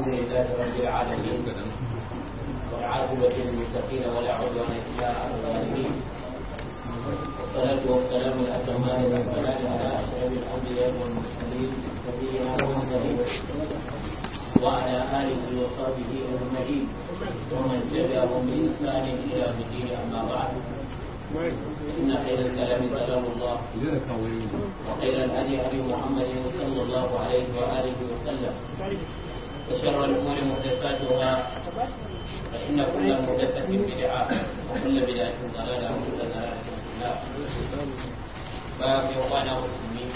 الحمد لله رب العالمين والعاقبة للمتقين ولا عدوان إلا على الظالمين والصلاة والسلام الأكرمان الأكملان على أشرف الأنبياء والمرسلين نبينا محمد وعلى آله وصحبه أجمعين ومن تبعهم بإحسان إلى الدين أما بعد إن خير الكلام كلام الله وخير الهدي هدي محمد صلى الله عليه وآله وسلم وشر الأمور محدثاتها فإن كل محدثة بدعة وكل بدعة ضلالة وكل ضلالة في النار ففي وقعنا مسلمين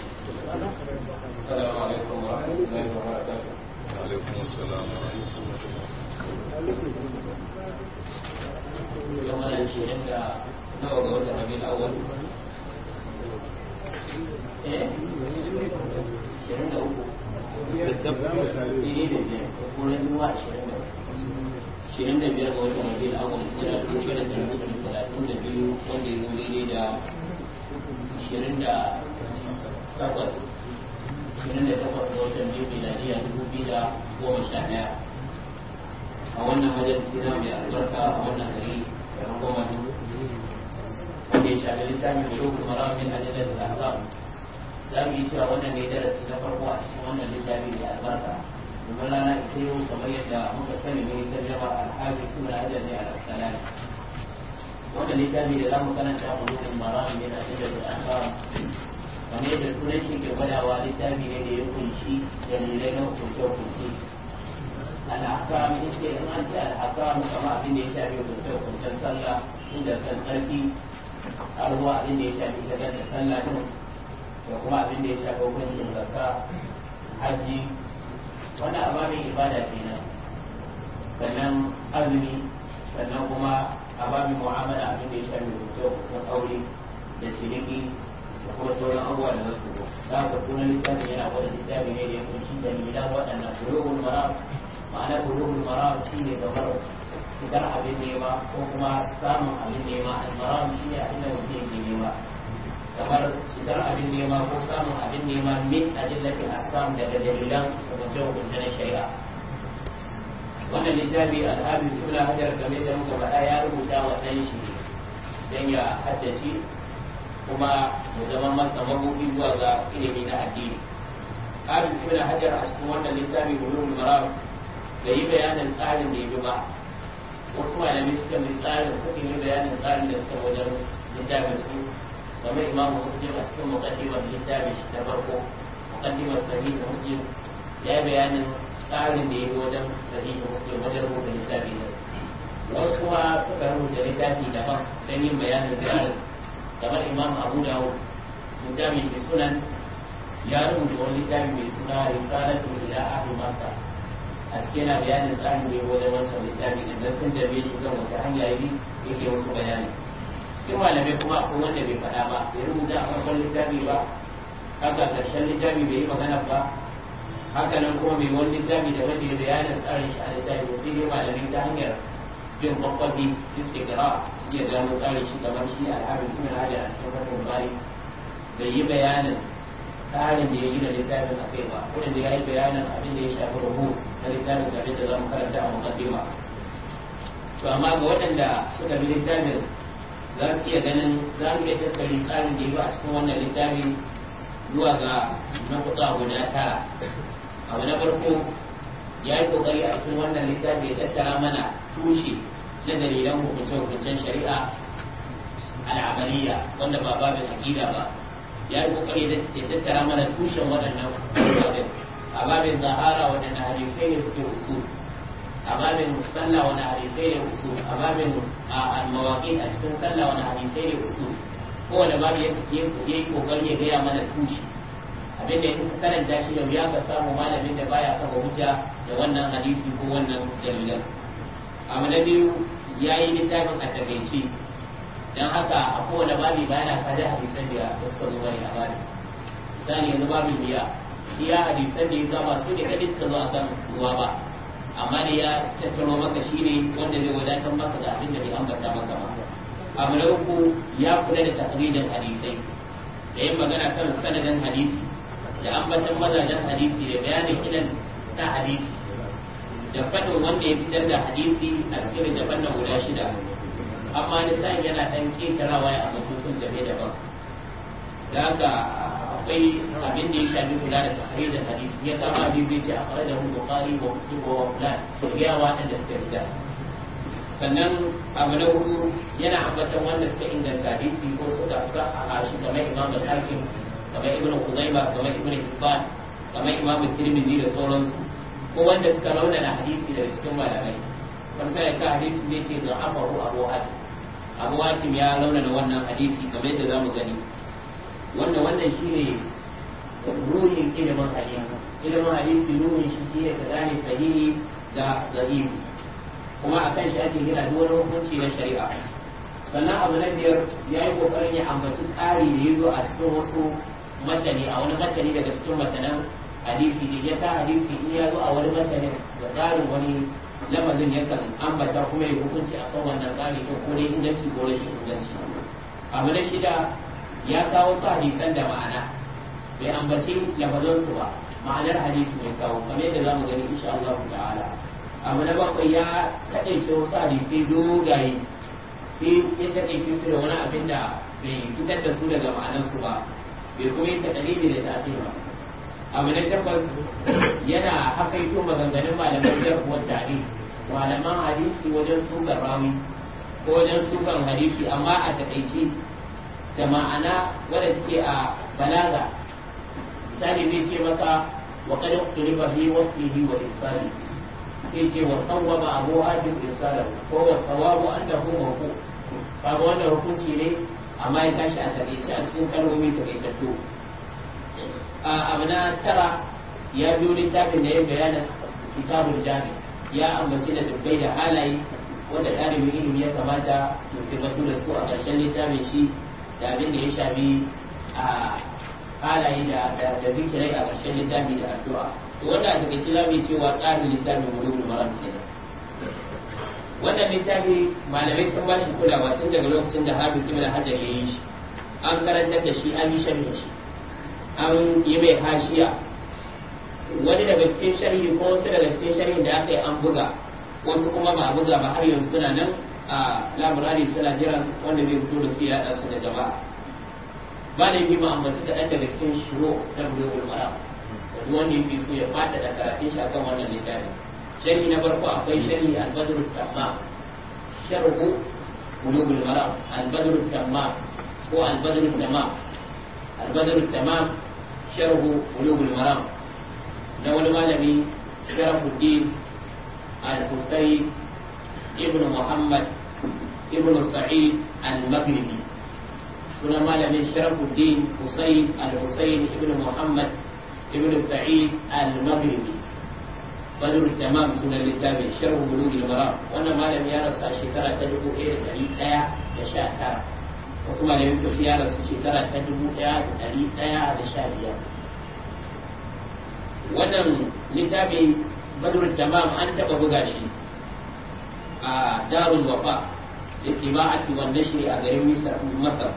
السلام عليكم ورحمة الله وبركاته وعليكم السلام ورحمة الله وبركاته يوم العشرين نور ولد الربيع الأول إيه؟ 23 shirin da biyar ga wata mafi da akwai tsira da kusa da talatin talatin da biyu wanda ya zo daidai da shirin da takwas shirin da takwas ga watan biyu miladiya dubu biyu da goma sha ɗaya a wannan majalisi na mai albarka a wannan gari da rangoma wanda ya shafi littafin shukuru mara min ajiyar da ahbab za mu yi cewa wannan ne darasi na farko a cikin wannan littafi mai albarka domin rana ita yau kamar yadda muka sani ne ta jama alhaji suna hajar ne al-asqalani wannan littafi da za mu karanta a gudun maram ne na inda da alfaham kamar yadda sunan shi ke gwadawa littafi ne da ya kunshi dalilai na hukunce-hukunce al'akam in ce in an ce al'akam kama abin da ya shafi hukunce-hukuncen sallah inda kan tsarki a ruwa abin da ya shafi ta da sallah din da kuma abin da ya shafi hukuncin zakka haji wani abarin ibada kenan sannan azumi sannan kuma abarin mu'amala abin da ya shafi hukuncin aure da shiriki da kuma sauran abubuwa da ko za ku sunan lissafin yana wani littafi ne da ya kunshi dalilan waɗannan kulubul maram ma'ana kulubul maram shi ne kamar fitar abin nema ko kuma samun abin nema al-maram shi ne abin da mutum yake nema kamar cikin abin nema ko samun abin nema min a ahkam daga dalilan hukunce hukunce na shari'a wannan littafi al'adu suna hajar game da muka faɗa ya rubuta wa ɗan shi don ya haddace kuma mu zama masa mabubi zuwa ga ilimi na addini ƙarin suna hajar a cikin wannan littafi bulugul maram da yi bayanin tsarin da ya bi ba wasu malamai suka mai tsarin suka yi bayanin tsarin da suka wajen littafin su game imamu muslim a cikin muqaddimar littafi shi ta farko muqaddimar sahih muslim ya bayanin tsarin da ya yi wajen sahih muslim wajen rubuta littafi ne wasu kuma suka rubuta littafi daban don yin bayanin tsarin kamar imam abu dawud littafi sunan ya rubuta wani mai suna risalatu ila ahli makka a cikin yana bayanin tsarin da wajen wancan wace hanya yi yake wasu bayani sai malamai kuma akwai wanda bai faɗa ba bai rubuta a farkon littafi ba haka ƙarshen littafi bai yi magana ba haka nan kuma bai wani littafi da wanda ya bayanin tsarin shi a littafi sai dai malamai ta hanyar bin kwakwabi istigra suke gano tsarin shi kamar shi al'adun ibn hajar a cikin farkon bari bai yi bayanin tsarin da ya gina littafin a kai ba kuma da ya yi bayanin abin da ya shafi rubu na littafin tare da za mu karanta a mukaddima to amma ga waɗanda suka bi littafin za su iya ganin za mu iya tattalin tsarin da ya ba a cikin wannan littafin zuwa ga na guda abu tara abu na farko ya yi kokari a cikin wannan littafi ya tattara mana tushe na dalilan hukunce-hukuncen shari'a al'amariya wanda ba babin aƙida ba ya yi kokari ya tattara mana tushen waɗannan babin a babin zahara waɗannan hadisai ne suke usul أمام المصلى وانا حديثي لأصول أمام المواقيت ne صلى وانا babu لأصول هو yi يكو ya gaya mana tushe abin da fi karanta shi da ya ka samu malamin da baya kafa hujja da wannan hadisi ko wannan dalilan amma na biyu ya yi littafin a takaice don haka a kowane babu ba yana kada hadisan da ya suka zo bari a babi misali yanzu babin biya iya hadisan da ya zama su ne kadai suka zo a kan ruwa ba amma da ya tattaro maka shi ne wanda zai wadatar maka da abin da bai ambata maka ba abu na uku ya kula da tasirin hadisai da yin magana kan sanadin hadisi da ambatan mazajen hadisi da bayanin ilan ta hadisi da faɗin wanda ya fitar da hadisi a cikin daban da guda shida amma sa yana ɗan ketarawa ya ambaci sun daban da haka akwai abin da ya shafi kula da tahrir da hadisi ya kama hadisi ce a fara da bukhari wa muslim wa fulan ya da suka riga sannan abu na hudu yana ambatan wanda suka inganta hadisi ko suka sa'a shi kamar imam al-hakim kamar ibn Qudayba kamar ibn Hibban kamar imam Tirmidhi da sauransu ko wanda suka raunana hadisi daga cikin malamai wani sai ka hadisi ne ce da afahu Abu Hatim Abu Hatim ya raunana wannan hadisi kamar yadda zamu gani wanda wannan shi ne ruhin ilimin hadisi ilimin hadisi ruhin shi ne ka gane sahihi da da'ifi kuma a kan shi ake gina duwar hukunci na shari'a sannan abu na biyar ya yi kokarin ya ambaci tsari da ya zo a cikin wasu matani a wani matani daga cikin matanan hadisi Da ya ta hadisi in ya zo a wani matani da tsarin wani lamarin yakan ambata kuma ya hukunci a kan wannan tsari ko dai inganci ko rashin inganci abu na shida ya kawo su hadisan da ma'ana bai ambaci lafazon su ba ma'anar hadisi mai kawo kamar yadda zamu gani insha Allah ta'ala abu na bakwai ya kadaice wasu hadisi dogaye sai ya kadaice su da wani abin da bai fitar da su daga ma'anar su ba bai kuma yi ne da tasiri ba abu na tabbas yana hakaito maganganun malaman jarhuwar tare malaman hadisi wajen sun rawi ko wajen sukan hadisi amma a takaice da ma'ana wadda suke a balaga misali zai ce maka wa kada ba fi wasfihi wa isfali sai ce wa ba abu hajjin irsalahu ko wa sawabu annahu mawqu kaga wannan hukunci ne amma ya tashi a shi a cikin kalmomi tattu a abu na tara ya biyo littafin da ya bayyana kitabul jami ya ambaci da dubbai da halaye wanda ɗalibin ilimi ya kamata mutum da su a ƙarshen littafin shi da abin da ya shafi a halaye da zikirai a ƙarshen littafi da addu'a to wanda a takaice za mu cewa tsarin littafin mulkul maram kenan wannan littafi malamai sun ba shi kulawa tun daga lokacin da hafi da hajar ya yi shi an karantar da shi an yi sharhi shi an yi mai hashiya wani daga cikin sharhi ko wasu daga cikin shari'a da aka yi an buga wasu kuma ba a buga ba har yanzu suna nan a labarari suna jiran wanda zai fito da su ya haɗa su da jama'a ba da yi ma'ambaci kaɗan daga cikin shiro na bulogul maram da duk wanda yake so ya faɗa da karatun shi akan wannan littafin sharhi na farko akwai sharhi albadru tamma sharhu bulogul maram albadru tamma ko albadru tamam albadru tamam sharhu bulogul maram na wani malami sharafuddin al-husayn Ibn muhammad Ibn sa'id al-maghribi sunan malamin sharafuddin husayn al-husayn Ibn muhammad Ibn sa'id al-maghribi badru tamam sunan littafin sharhu bulughi al-maram wannan malamin ya rasu a shekara ta 1119 wasu malamin tafi ya rasu shekara ta dubu ɗaya da ɗari ɗaya da sha biyar wannan littafin badrul tamam an taɓa buga shi a darul wafa da kima'ati wa shi a garin misar masar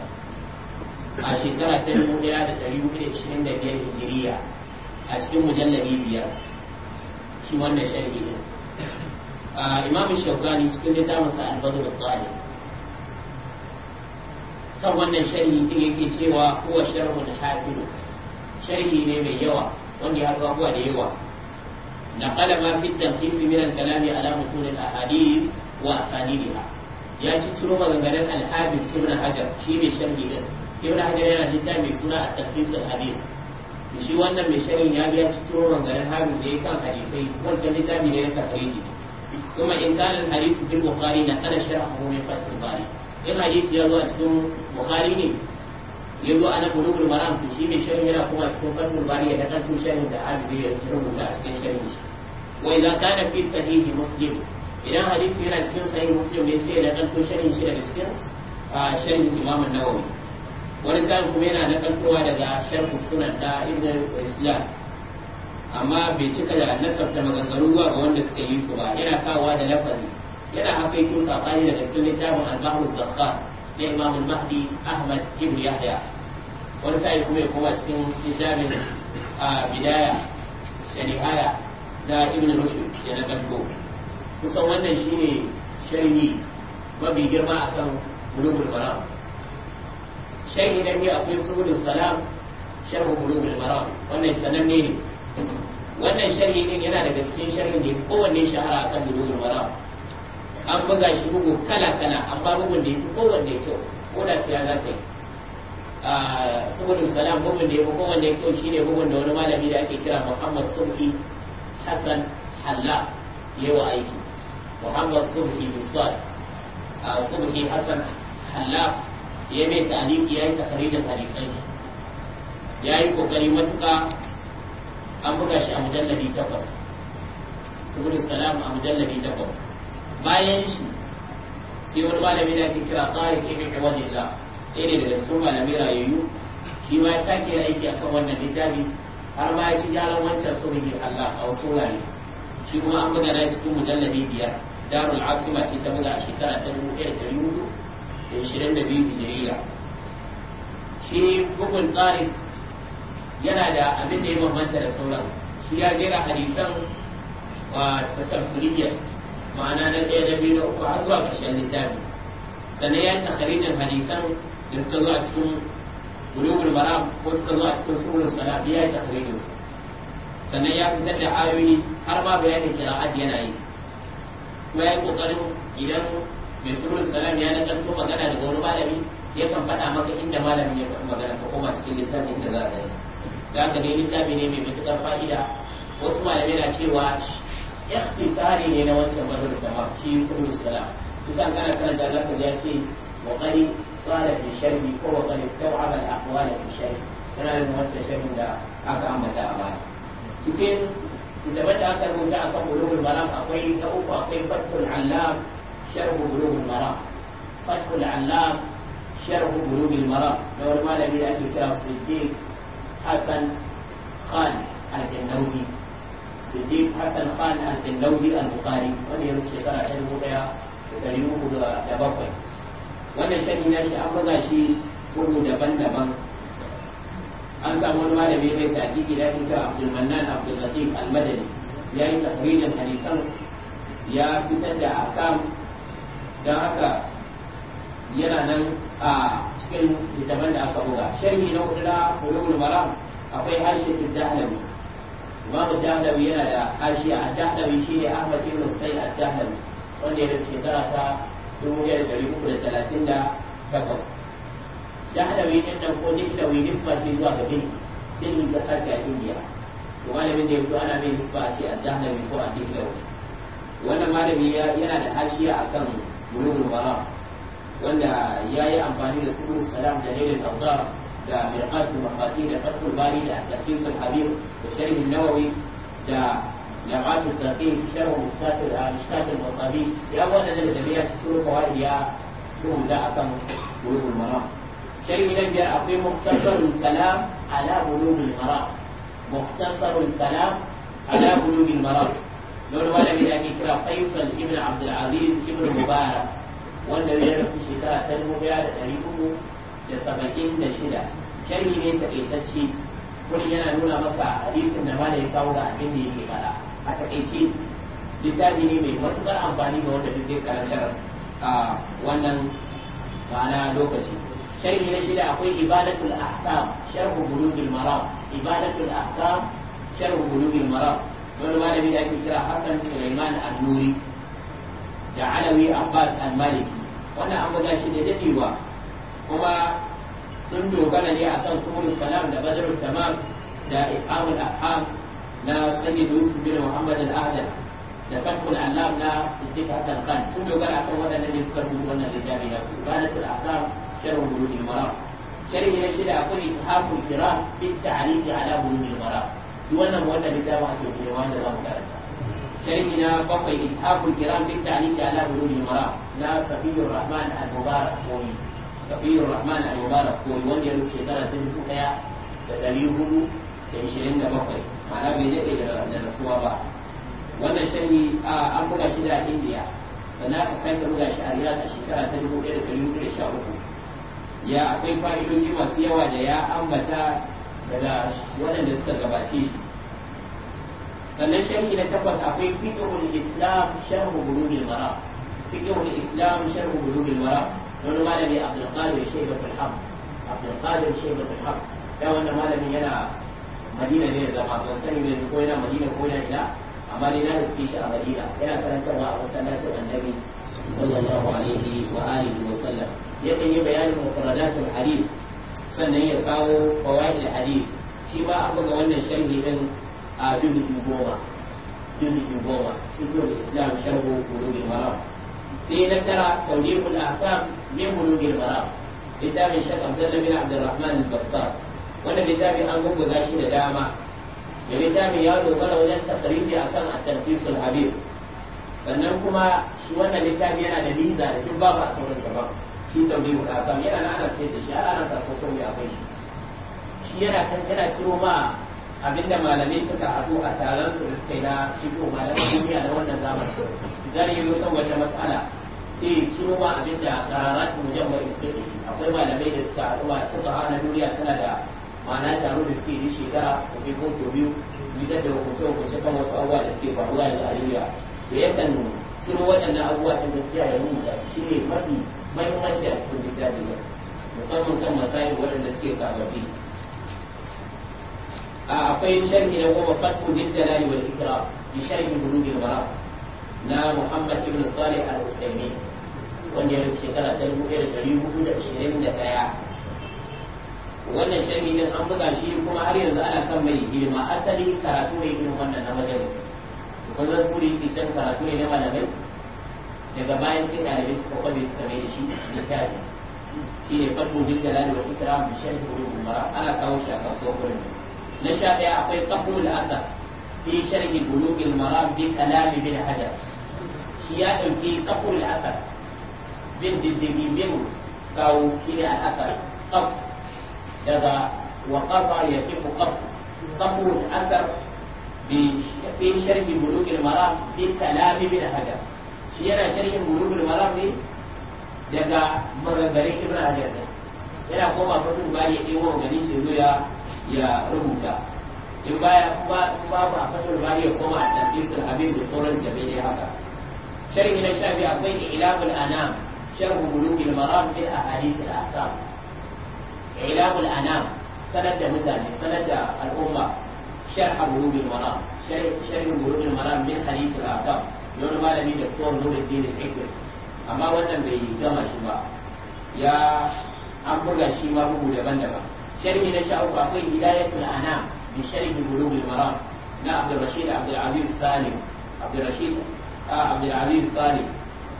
a shekara ta nemo ɗaya da ɗari hudu da ishirin da biyar hijiriya a cikin mujallabi biyar shi wannan sharhi a imamu shaukani cikin damar sa albazu da tsari kan wannan sharhi din yake cewa huwa sharhun hafilu sharhi ne mai yawa wanda ya haɗu da yawa نقل ما في التلخيص من الكلام على متون الأحاديث وأسانيدها يا تترو مغنغنن الحافظ ابن حجر شيء شرحي ده ابن حجر yana littafi mai suna at-tafsir al-hadith shi wannan mai sharhin ya biya ciciro rangarin haru da ya kan hadisai wancan littafi ne na tafariji kuma in kana hadisi bil bukhari na kana sharhu min fath al-bari in hadisi ya zo a cikin bukhari ne ya zo ana bulugul maram to shi mai sharhi yana kuma cikin fath al-bari ya da kan sharhin da hadisi ya rubuta a cikin sharhin shi wa idza kana fi sahihi muslim idan hadisi yana cikin sahihi muslim ne sai da kanto sharhin shi daga cikin sharhin imam an wani sa'in kuma yana nakaltowa daga sharhu sunan da ibn islam amma bai cika da nasabta maganganu zuwa ga wanda suka yi su ba yana kawowa da lafazi yana haka yake sabani daga cikin littafin al-bahr az na imam mahdi ahmad ibn yahya wani sa'in kuma ya koma cikin littafin bidaya da nihaya da ibn rushd ya na kallo kusan wannan shine sharhi mafi girma akan bulugul maram sharhi da ne akwai subul salam sharh bulugul maram wannan sananne ne wannan sharhi ne yana daga cikin sharhin da kowanne shahara akan bulugul maram an buga shi bugu kala kala amma bugun da yafi kowanne kyau ko da siya za ta yi subul salam bugun da yafi kowanne kyau shine bugun da wani malami da ake kira Muhammad Subki hassan halla yawa aiki muhammad subhi musad a subhi hassan halla ya mai taliki ya yi takarijin hadisai ya yi kokari matuka an buga shi a mujalladi takwas subhi salam a mujalladi takwas bayan shi sai wani malami da ke kira tsarin ibn iwadillah ɗaya ne daga cikin malamai rayayyu shi ma ya sake aiki akan wannan littafi har ma ya ci gyaran wancan sulhi Allah a wasu wurare shi kuma an buga na cikin mujalladi biyar darul asima ce ta buga a shekara ta dubu ɗaya da hudu da ishirin da biyu hijiriya shi bugun tsarin yana da abin da ya bambanta da sauran shi ya jera hadisan wa tasalsuliyya ma'ana na ɗaya na biyu na uku har zuwa ƙarshen littafi sannan ya yi takharijin hadisan da suka zo cikin bulugul maram ko suka zo a cikin sunan sana ya yi tahrijin su sannan ya fitar da ayoyi har ma bayanin qira'at yana yi kuma ya yi kokarin idan mai sunan sana ya na kanto magana daga wani malami ya yakan faɗa maka inda malamin ya faɗi magana ka koma cikin littafin da za ka yi za ka dai littafi ne mai matuƙar fa'ida wasu malami na cewa ikhtisari ne na wancan badar sama shi sunan sana kusan kana karanta za ka ji ya ce wa قال في شرم فوق قد استوعب الاقوال في شرم كان المرسل شرم لا عكا عم بدا لكن اذا بدا اكثر من جاءك بلوغ المرام اقوي تقوف اقوي فتح العلاق شرب قلوب المرام فتح العلاق شرب قلوب المرام لو المال الى ان يكره الصديق حسن خان الجنوبي الصديق حسن خان الجنوبي البخاري ومن يرسل شرم بلوغ المرام ومن يرسل wannan shani na shi an maza shi bugu daban-daban an samu wani malami mai taƙiƙi da ake cewa abdulmannan abdullatif almadani ya yi tafrijin hadisan ya fitar da akam don haka yana nan a cikin littafin da aka buga sharhi na hudu na maram akwai hashiyatul dahlawi imamu dahlawi yana da hashiya a dahlawi ne ahmad ibn sa'id ad-dahlawi wanda ya rasu shekara ta dubu ɗaya da ɗari uku da talatin da takwas da hadawi ɗin nan ko duk dawi nisba ce zuwa ga bin bin da sashi a indiya to malamin da ya yanzu ana mai nisba a ce a jahanawi ko a ce dawi wannan malami yana da hashiya akan mulkul bara wanda ya yi amfani da sukun salam da lailin abdar da mirqatul mafati da fatul bari da tafsirul habib da sharhin nawawi da لأبعاد مستقيم شرح مستاتر مستاتر مصابي يا وانا ده اللي بيها شكله فوائد يا شوف لا أصلا بلوغ المرام شيء نجد أقيم مختصر الكلام على بلوغ المرام مختصر الكلام على بلوغ المرام لون ولا أبي كرا فيصل ابن عبد العزيز ابن مبارك والنبي يرسل rasu shekara ta dubu لسبكين da ɗari من da saba'in da نولا مكة حديث taƙaitacce wurin yana في maka a takaice littafi ne mai matukar amfani ga wanda duk karantar a wannan ma'ana lokaci sharhi na shida akwai ibadatul ahkam sharhu bulugul maram ibadatul ahkam sharhu bulugul maram wani malami da ake kira Hassan Sulaiman al nuri da Alawi Abbas Al-Maliki wannan an buga shi da dadewa kuma sun dogara ne akan sumul salam da badrul tamam da iqamul ahkam na sayyid yusuf bin muhammad al-ahdan da fatkul allam na siddiq hasan khan sun dogara akan waɗannan ne suka rubuta wannan littafi na su ibadatul ahkam sharh bulugh al-maram sharhi na da akwai ittihaful kiram fi ta'liq ala bulugh al-maram duk wannan wannan littafi ake wanda za mu karanta sharhi na bakwai ittihaful kiram fi ta'liq ala bulugh al-maram na safiyur rahman al-mubarak koyi safiyur rahman al-mubarak koyi wanda ya rubuta shekara ta dubu ɗaya da ɗari hudu da ishirin da bakwai ma'ana bai daɗe da rasuwa ba wannan shari an buga shi da indiya sannan aka kai ka buga shi a riyad a shekara ta dubu ɗaya da ɗari hudu da sha uku ya akwai fa'idoji masu yawa da ya ambata daga waɗanda suka gabace shi sannan shari na tabbas akwai fiƙihul islam sharhu bulugil mara fiƙihul islam sharhu bulugil mara wani malami abdulkadir shaibatul ham abdulkadir shaibatul ham ya wannan malamin yana madina ne da zama ban sani ne ko yana madina ko yana ina amma dai na riske shi a madina yana karantarwa a masallacin annabi sallallahu alaihi wa alihi wa sallam ya kan yi bayanin mufradatul hadith sannan ya kawo fawaid hadith shi ba a buga wannan sharhi din a juzu goma juzu goma shi ko islam sharhu ulul maram sai na tara tawdiqul ahkam min ulul maram littafin shakam zalla bin abdurrahman al-bassar wannan littafin an gurguza shi da dama da littafin ya dogara wajen tasarifi a at-tanfisul habib sannan kuma shi wannan littafi yana da liza da duk babu a sauran gaba shi tambayi ka kan yana na ana sai da shi ana ana sa sauran ya kai shi shi yana kan yana ciro ma abinda malamai suka haɗu a taron su suka yi na ciko malamai duniya na wannan zamani zan yi lokacin wata matsala sai ciro ma abinda kararatu mujammal fiqh akwai malamai da suka haɗu a suka hana duniya tana da ma'ana taro da suke yi shekara ko bai ko biyu fitar da hukunce hukunce kan wasu abubuwa da suke faruwa da a duniya da yakan ciro waɗannan abubuwa ta gaskiya ya rubuta su shi ne mafi mahimmanci a cikin littafin nan musamman kan masayi waɗanda suke sababbi akwai sharhi na goma fatku bin jalali wal ikra bi sharhi bulugil mara na muhammad ibn salih al-usaimi wanda ya rasu shekara ta dubu ɗaya da ɗari hudu da ashirin da ɗaya wannan sharhi din an buga shi kuma har yanzu ana kan mai girma asali karatu ne irin wannan na wajen kullum suri yake can karatu ne na malamai daga bayan sai ɗalibai suka kwabe suka mai da shi littafi shi ne farko bin jalali wa ikra bi sharhi ulumul mara ana kawo shi a kasuwar gurin na sha ɗaya akwai qahul asar fi sharhi bulugul mara bi kalami bin hajar shi ya ɗauki qahul asar bin diddigi bin kawo shi ne al asar qahul كذا وقطع يتم قطع تخرج اثر في شرك ملوك المرام في كلام ابن حجر شيرا شرح ملوك المرام في جاء مرغري ابن حجر ده هنا قوم افضل بالي ايوه غني سيدويا يا ربوكا يبا يبا ما ما افضل بالي قوم التركيز الحبيب بصورة جميلة هذا شرح الاشياء في اقوي الانام شرك ملوك المرام في احاديث الاحكام ilahul anam sanar da mutane sanar da al'umma sharh al-wurud al-maram sharh al-wurud al-maram min hadith al-aqam don malami da kowa nuruddin al-ikrim amma wannan bai gama shi ba ya an buga shi ma bugu daban-daban sharhi na sha akwai hidayatul anam min sharhi al-wurud al-maram na Abdul Rashid Abdul Aziz Salim Abdul Rashid Abdul Aziz Salim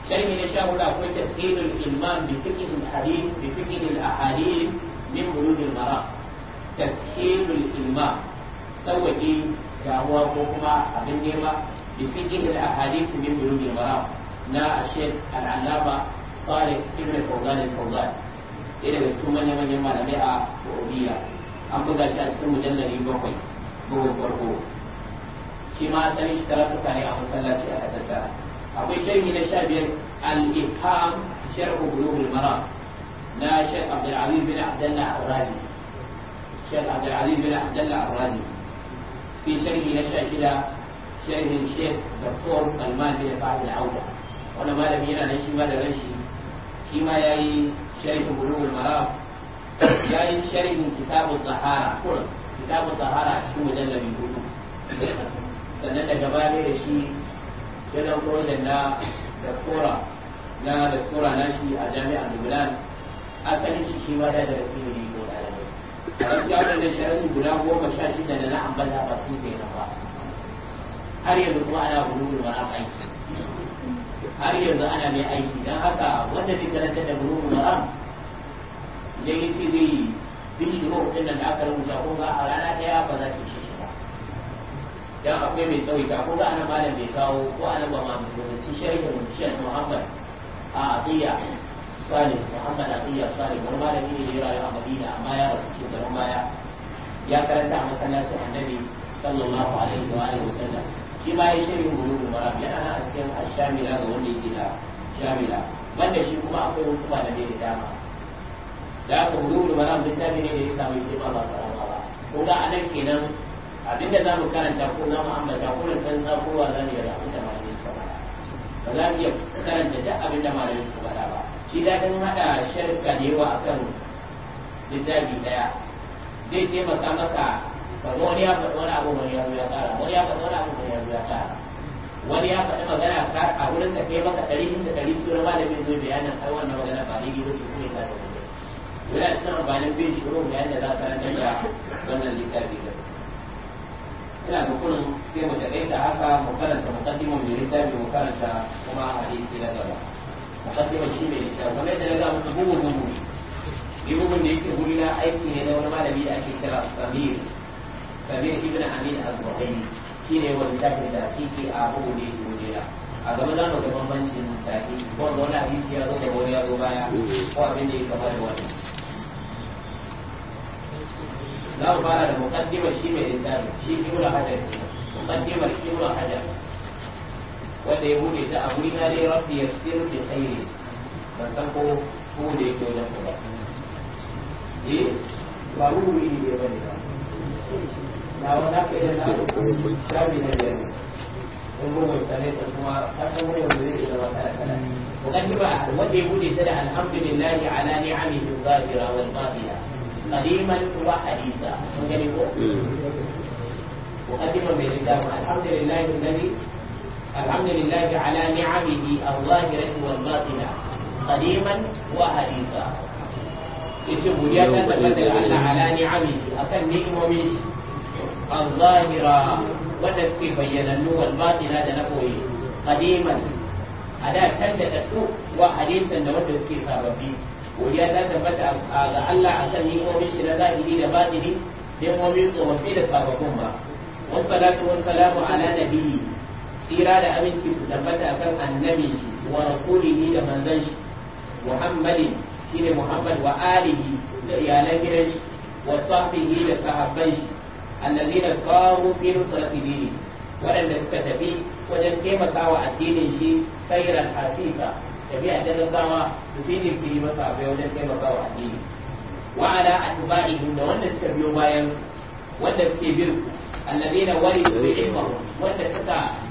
sharhi na sha akwai tasirin ilman bi fiqh al-hadith bi fiqh al-ahadith min bulugin mara tashilul ilma sauwaƙe damuwa ko kuma abin nema bi fiqhil ahadith min bulugin mara na ashir al-allama salih ibn fawzan al-fawzan ɗaya daga cikin manyan manyan malamai a biya an buga shi a cikin mujallari bakwai bugun farko shi ma asalin shi karatuka ne a masallaci a tattara akwai sharhi na sha biyar al-ifham sharhu bulugul maram لا الشيخ عبد العزيز بن عبد الله الرازي الشيخ عبد العزيز بن عبد الله الرازي في شرحه نشأ كده شرح الشيخ دكتور سلمان بن فهد العودة وانا ما لم ينا نشي ما لم نشي فيما يأي شرح بلوغ المرام يأي شرح كتاب الطهارة كله كتاب الطهارة شو مجلد يقولون sannan daga baya da shi ya لا دكتورة na daktora na daktora na asalin shi shi ma da daga ko da daga ya da shari'in guda goma sha shida da na ambata ba su ke ba har yanzu kuma ana gururun mara aiki har yanzu ana mai aiki don haka wanda zai karanta da gururun mara da ya ce zai shi ko kudin da aka rubuta ko ba a rana ɗaya ba za ta ishe shi ba dan akwai mai ta ko za ana malam bai kawo ko ana ba ma mutum sharhin shiyar muhammad a aqiya Salim Muhammad Atiyya Salim wani malami ne da ya rayu a Madina amma ya rasu shekarun baya ya karanta a masallacin Annabi sallallahu alaihi wa alihi wasallam shi ma ya shirin bulugul maram yana nan a cikin ashamila ga wanda yake da shamila banda shi kuma akwai wasu ba da da dama da aka bulugul maram littafi ne da ya samu shi ba ba karama ba ko ga anan kenan abinda za mu karanta ko za mu ambata ko na san za kowa za mu yi da da malamin suka ba za mu iya karanta duk abin da malamin suka faɗa ba shi daɗin haɗa sharka da yawa akan littafi ɗaya zai taimaka maka ka ga wani ya faɗi wani abu wani ya ya tsara wani ya faɗi wani abu wani ya ya tara wani ya faɗi magana a wurin ka kai maka ɗari da ɗari sura malamin zuwa bayanin har wannan magana ba daidai ba ce kuma ya tsara yana cikin amfanin bin shirin da yadda za ka nan da wannan littafi da ina da kullum sai mu taƙaita haka mu karanta muqaddimar da littafi mu karanta kuma hadisi na gaba mukaddima shi ne littafi kamar yadda na ga muku bugu bugu ni bugun da yake guri na aiki ne na wani malami da ake kira samir samir ibn amin al-buhaini shi ne wani littafin da hakiki a bugu da yake guri na a gaba za mu ga bambancin tafi ko ga wani hadisi ya zo da wani ya zo baya ko abin da ya kama da wani za mu fara da mukaddima shi mai littafi shi ibn hajar mukaddimar ibn hajar wanda ya bude ta a wuri na dai rabbi ya sirri da tsayi ban san ko ko da yake wajen ku ba eh ba wuri ne ba ne na wani haka idan na shafi na biyar ne in ruwan tsare ta kuma kasan ruwan da zai zama kala kala وقدر وجه وجد الحمد لله على نعمه الظاهره والباطنه قديما وحديثا وقدم من الحمد لله الذي الحمد لله على نعمه الظاهرة والباطنة قديما وحديثا ga Allah ala ni'ami akan ni'imomi da na koyi qadiman a da can da su wa hadisan da wanda suke sababbi godiya ta tabbata ga Allah da da ba wassalatu wassalamu ala nabiyyi tsira da aminci su tabbata akan annabi wa rasulihi da manzan shi muhammadin shine muhammad wa alihi da iyalan gidan shi wa sahbihi da sahabban shi allazina saru fi nusrati dini waɗanda suka tafi wajen taimakawa addinin shi sayran hasisa tafiya ta gaggawa su fi jirgin masa bai wajen taimakawa addini wa ala atba'ihim da wanda suka biyo bayan su wanda suke bin su da warithu ilmahum wanda suka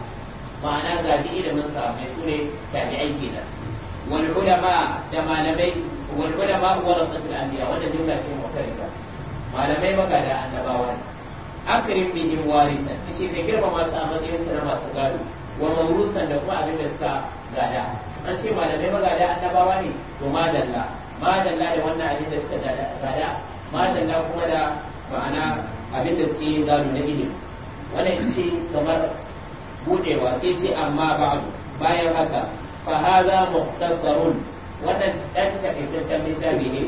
ma'ana ji ilimin sahabbai su ne tabi'ai kenan wal ulama da malamai wal ulama warasatul anbiya wanda jumla ce mukarrara malamai da annabawa akrim din warisa kace da girma su a matsayin su na masu gado wa mawrusan da kuma abin da suka gada an ce malamai da annabawa ne to madalla madalla da wannan abin da suka gada madalla kuma da ma'ana abin da suke gado na ilimi wannan shi kamar budewa sai ce amma ba'du bayan haka fa hadha mukhtasarun wannan dan takaitaccen littafi ne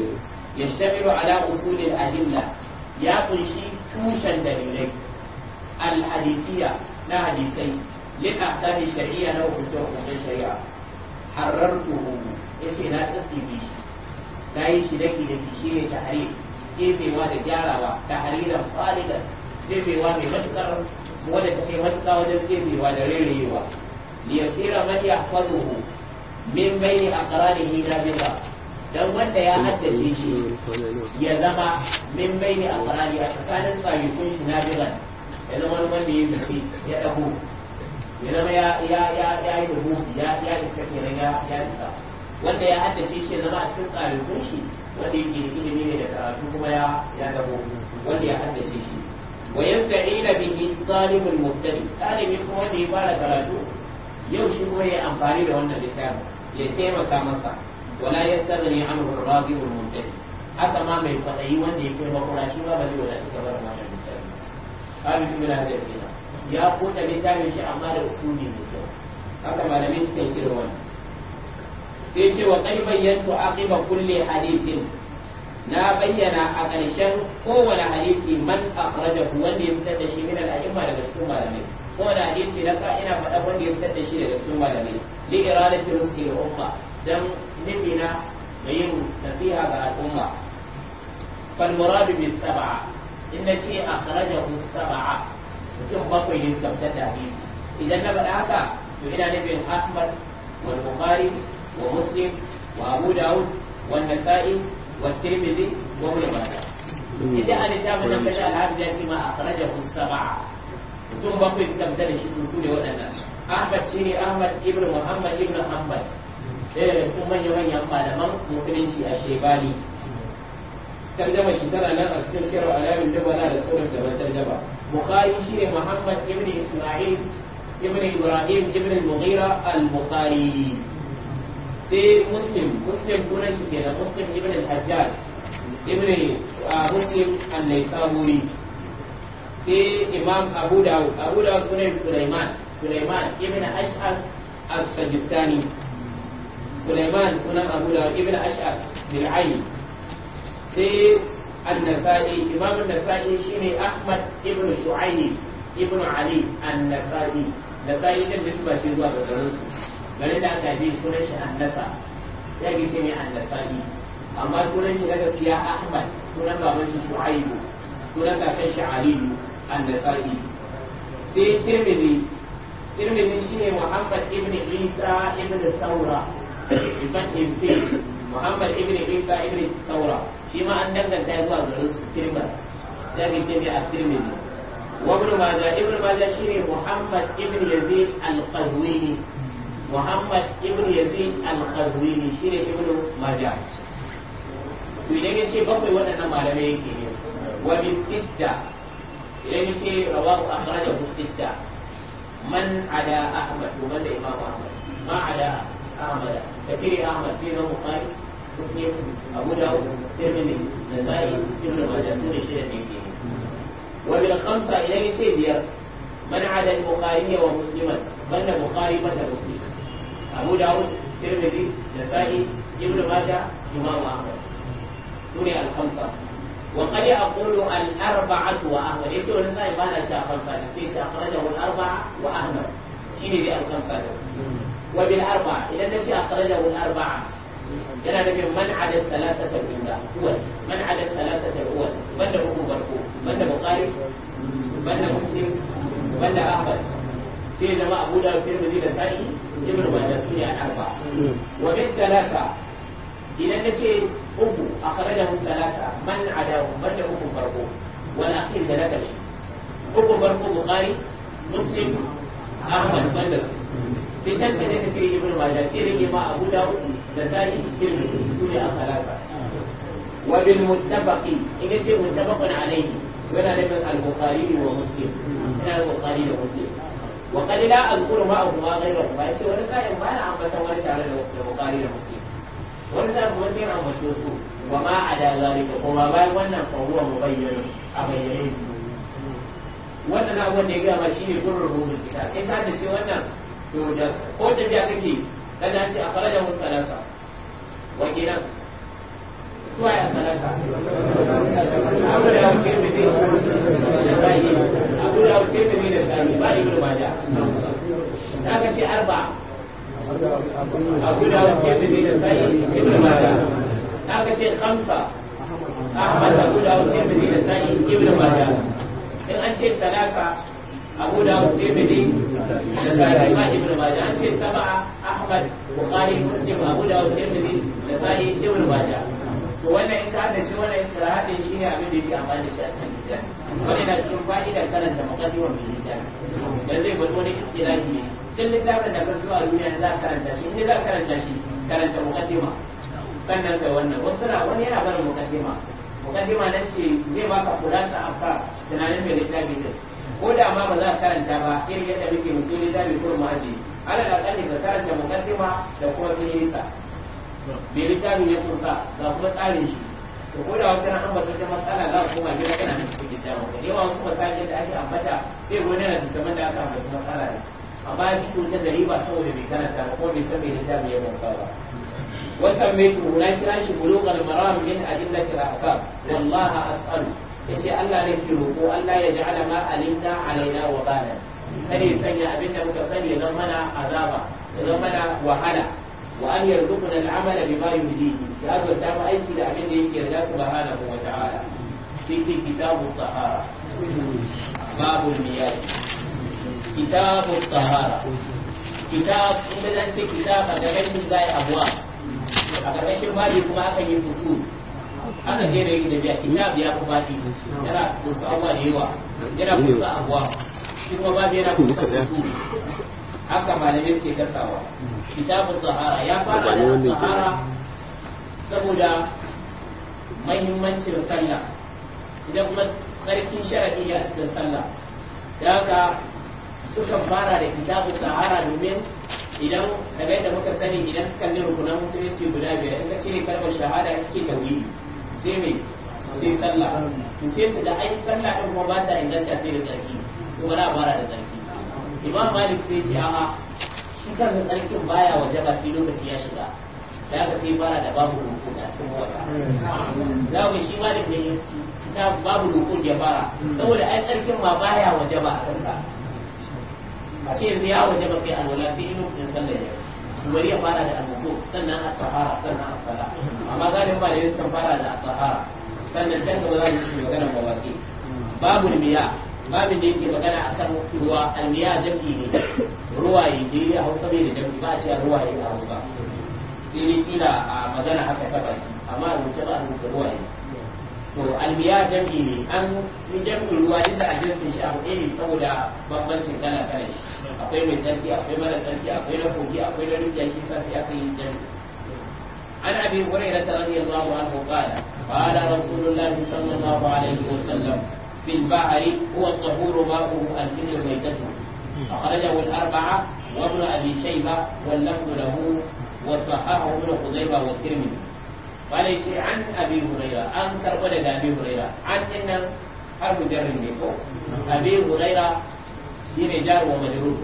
yashtamilu ala usulil adilla ya kunshi tushen dalilai al na hadisai lil ahkam shar'iyya na hukuncin shari'a harartuhu yace na tsibi shi na yi shi daki da shi ne tahrir gefewa da gyarawa tahriran falidan gefewa mai matukar Wanda ta kai matuƙa wajen kebewa da rerewa liyasira man yahfazuhu min bayni aqranihi dabita dan wanda ya haddace shi ya zama min bayni aqrani a tsakanin tsayikun shi nabiran ya zama wanda ya yi ya dahu ya zama ya ya ya ya yi dahu ya ya isa kenan ya ya isa wanda ya haddace shi ya zama a cikin tsayikun shi wanda yake ilimi ne da karatu kuma ya ya dahu wanda ya haddace shi ويستعين به الظالم zalimul قال من kuma wanda ya fara karatu yau shi kuma ya amfani da wannan littafin ya taimaka masa wala yastaghni anhu ar-raghibul mubtadi haka ma mai kwaɗayi wanda ya kai kura shi ba ba zai wadatu gabar wannan littafi abin ibn hazar kenan ya buɗe littafin shi amma da usuli mai haka sai ce wa kai kulle aqiba kulli hadithin na bayyana a ƙarshen kowane hadisi man akhrajahu wanda ya fitar da shi min al-a'imma daga cikin malamai kowane hadisi na ina faɗa wanda ya fitar da shi daga cikin malamai li iradati rusul umma dan nufina da yin nasiha ga al'umma fal muradu bis sab'a inna ce akhrajahu sab'a mutum bakwai ne suka fitar da hadisi idan na faɗa haka to ina nufin Ahmad wal Bukhari wa Muslim wa Abu Dawud wa Nasa'i wa tirmidhi wa ibn majah idan an ta mun nan al-hafiz ya ce ma akhrajahu sab'a mutum bakwai suka fita da shi to su ne waɗannan Ahmad shine Ahmad ibn Muhammad ibn Hanbal ɗaya da su manyan manyan malaman musulunci a Shebali tarjama shi tana nan a cikin shirar alamin dabala da sauran gaban tarjama Bukhari sai muslim muslim sunan shi kenan muslim ibn al-hajjaj ibn muslim an-naisaburi sai imam abu dawud abu dawud sunan sulaiman sulaiman ibn ash'as as-sajistani sulaiman sunan abu dawud ibn ash'as bil ayn sai an-nasa'i imam an-nasa'i shine ahmad ibn shu'ayb ibn ali an-nasa'i nasa'i din nisba ce zuwa ga garin su garin da aka haife sunan shi annasa ya ke ce mai annasani amma sunan shi na gaskiya ahmad sunan baban shi shu'aibu sunan kakan shi aliyu annasani sai tirmidhi tirmidhi shine muhammad ibn isa ibn saura ibn sai muhammad ibn isa ibn saura shi ma an danganta zuwa garin su tirmidhi ya ke ce mai at-tirmidhi وابن ماجه ابن ماجه شيري محمد ابن يزيد القدويني muhammad ibn yazid al-khazwini shine ibn majah to idan ya ce bakwai waɗannan malamai yake ne wa bi sitta idan ya ahmad to man da imam ahmad ma ada ahmad ka cire ahmad sai na bukhari muslim abu dawud tirmidhi nasai ibn majah sun shi da yake ne wa bil biyar man wa man da man da abu dawud tirmidhi da sa'i ibnu maja imam ahmad sune al-khamsa wa qad aqulu al-arba'atu wa ahmad yace wani sa'i ba na cewa khamsa ne sai ta akhrajahu al-arba'a wa ahmad shine dai al-khamsa ne wa bil arba'a idan nace akhrajahu al-arba'a yana da bin man adad salasata al-ula huwa man adad salasata al-ula banda uku barko banda bukhari banda muslim banda ahmad sai zama abu da sai da zai da sa'i ibn majah su ne arba wa bis salasa idan nace uku akhrajahu salasa man adahu da uku farko wal akhir da laka shi uku farko bukhari muslim ahmad banda su sai can da ne ce ibn majah sai da ma abu da da sa'i ibn su ne salasa wa bil muttafaqi idan ce muttafaqun alayhi yana nufin al-bukhari wa muslim yana da bukhari da muslim wa qalila al-qur'an ma abu a ghayra ma yace wani sa'in ba na ambata wani tare da da bukari da muslim wani sa'in kuma sai ambace su wa ma ada kuma bayan wannan fa huwa mubayyin a wannan abubuwan da ya gama shi ne gurin rubutun kitab in ka ce wannan da ko kake kada an ce a farajan salasa abu da ya shida da aka ce arba abu da wasu yadda ne da sai ibn mada da ka ce khamsa ahmad abu da wasu yadda ne da sai ibn mada in an ce salasa abu da wasu yadda ne da sai ma ibn mada an ce saba'a ahmad bukhari muslim abu da wasu yadda ne da sai ibn mada to wannan in ka hada ce wannan istirahatin shine abin da yake amfani da shi littafi wani na cikin fa'idar karanta muqaddimar mai littafi da zai bada wani istilahi ne tun littafin da ka zuwa duniya za karanta shi ne za karanta shi karanta muqaddima sannan ga wannan wasu na wani yana barin muqaddima muqaddima nan ce zai baka kulasa afka tunanin mai littafi din ko da ma ba za a karanta ba irin yadda muke mutum littafi ko mu aje ala da kalli ka karanta muqaddima da kuma filinsa bai littafin ya kusa ga kuma tsarin shi to ko da wata ran an ba ta matsala za ku koma gida kana da wasu masalin da ake ambata sai gona na zaman da aka ambata matsala ne amma shi to ta gari ba saboda bai karanta ta ko bai san bai da ya masa ba wasan mai turu na kira shi bulughal maram min adillati al-ahkam wallahi as'alu yace Allah ne ke roƙo Allah ya ji alama alimna alaina wa bana kada ya sanya abin da muka sani ya zama mana azaba ya zama mana wahala wa an yarzuquna al'amala bima yuhdihi ya azurta mu aiki da abin da yake yarda subhanahu wa ta'ala sai ce kitabu tahara babu niyyah kitabu tahara kitab inda zan ce kitab a gaban za a yi abuwa a ƙarƙashin babi kuma aka yi fusu aka je da da biya kitab ya fi yana kusa abuwa da yawa yana kusa abuwa shi kuma babi yana kusa fusu haka malamai suke kasawa kitabun tahara ya fara da tahara saboda mahimmancin sallah idan kuma karkin sharadi ya cikin sallah da haka sukan fara da kitabun tahara domin idan daga yadda muka sani idan ka kalli rukunan musulunci guda biyar in ka cire kalmar shahada kike tauhidi sai me sai sallah to sai su da ai sallah din kuma ba ta inganta sai da zargi kuma ba fara da zargi imam malik sai ce a'a shi kansa tsarkin baya waje ba sai lokaci ya shiga da aka fi fara da babu rukun da cikin wata za mu shi malik ne ta babu rukun ya fara saboda ai tsarkin ma baya waje ba a kanka a ce ya waje ba sai alwala sai inu mutum sallar ya bari ya fara da alwudu sannan a tsahara sannan a tsara amma galin ba da yin fara da a tsahara sannan can gaba za mu shi magana ba wace babu miya babin da yake magana a kan ruwa almiya jam'i ne ruwaye da ya hausa bai da jam'i ba a ce ruwaye a hausa sai dai kila a magana haka ta baki amma a rubuce ba a rubuta ruwaye to almiya jam'i ne an yi jam'i ruwa inda a jinsin shi abu ɗaya saboda bambancin kala kala akwai mai tsarki akwai mara tsarki akwai na fogi akwai na rijiya shi sa sai aka yi jam'i عن ابي هريره رضي الله عنه قال قال رسول الله صلى الله عليه وسلم في البحر هو الطهور ماؤه الحل ميتته أخرجه الأربعة وابن أبي شيبة واللفظ له وصححه ابن خزيمة والترمذي وليس عن أبي هريرة أن تربل أبي هريرة عن إن حرف جر لكم أبي هريرة دين جار ومجرور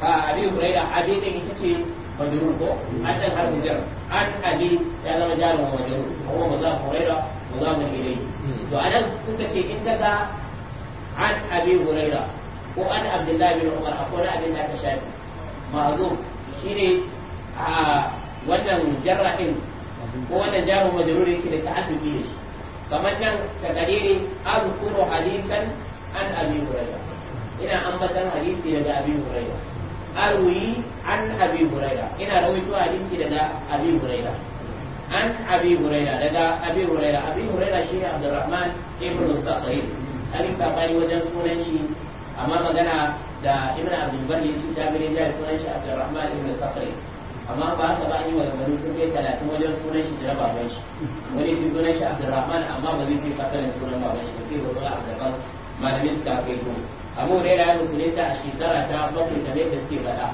فأبي هريرة أبي تكتشي مجرور عن حرف جر عن أبي هذا جار ومجرور هو مضاف هريرة مضاف إليه وأنا كنت شيء Ko an Abdullahi هريرة وأنا عبد الله بن عمر أقول أبي الله تشاهد معذوب شيني wannan jarra'in ko wannan jarin majaluri yake da ta'alluki da shi kamar nan ta kadiri azkuru hadisan an abi hurairah ina ambatan hadisi daga abi hurairah arwi an abi hurairah ina rawaito hadisi daga abi hurairah an abi huraira daga abi huraira abi huraira shi ne abdurrahman ibn sa'id an sabani wajen sunan shi amma magana da ibn abdul barri shi ta sunan shi abdurrahman ibn sa'id amma ba an yi wa gani sun kai talatin wajen sunan shi da baban shi wani sunan shi abdurrahman amma ba zai ce sakarin sunan baban shi ba sai ba zuwa abdurrahman malamin suka kai ko huraira ya musulunta a shekara ta bakwai da suke faɗa